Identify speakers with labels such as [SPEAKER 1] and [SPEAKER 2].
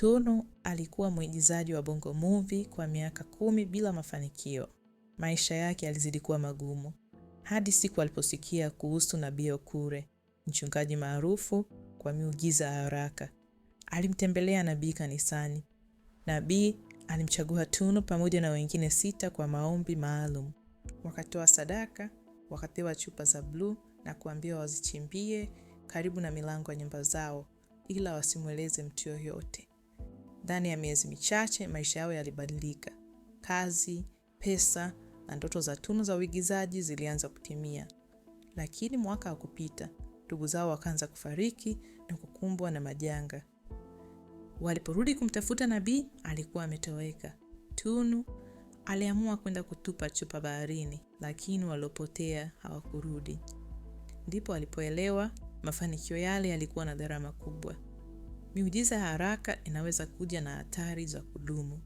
[SPEAKER 1] Tunu alikuwa mwigizaji wa Bongo Movie kwa miaka kumi bila mafanikio. Maisha yake yalizidi kuwa magumu hadi siku aliposikia kuhusu Nabii Okure, mchungaji maarufu kwa miujiza ya haraka. Alimtembelea Nabii kanisani. Nabii alimchagua Tunu pamoja na wengine sita kwa maombi maalum. Wakatoa sadaka, wakapewa chupa za bluu na kuambiwa wazichimbie karibu na milango ya nyumba zao, ila wasimweleze mtu yoyote. Ndani ya miezi michache maisha yao yalibadilika. Kazi, pesa na ndoto za tunu za uigizaji zilianza kutimia. Lakini mwaka wa kupita ndugu zao wakaanza kufariki na kukumbwa na majanga. Waliporudi kumtafuta Nabii, alikuwa ametoweka. Tunu aliamua kwenda kutupa chupa baharini, lakini waliopotea hawakurudi. Ndipo alipoelewa mafanikio yale yalikuwa na gharama kubwa. Miujiza ya haraka inaweza kuja na hatari za kudumu.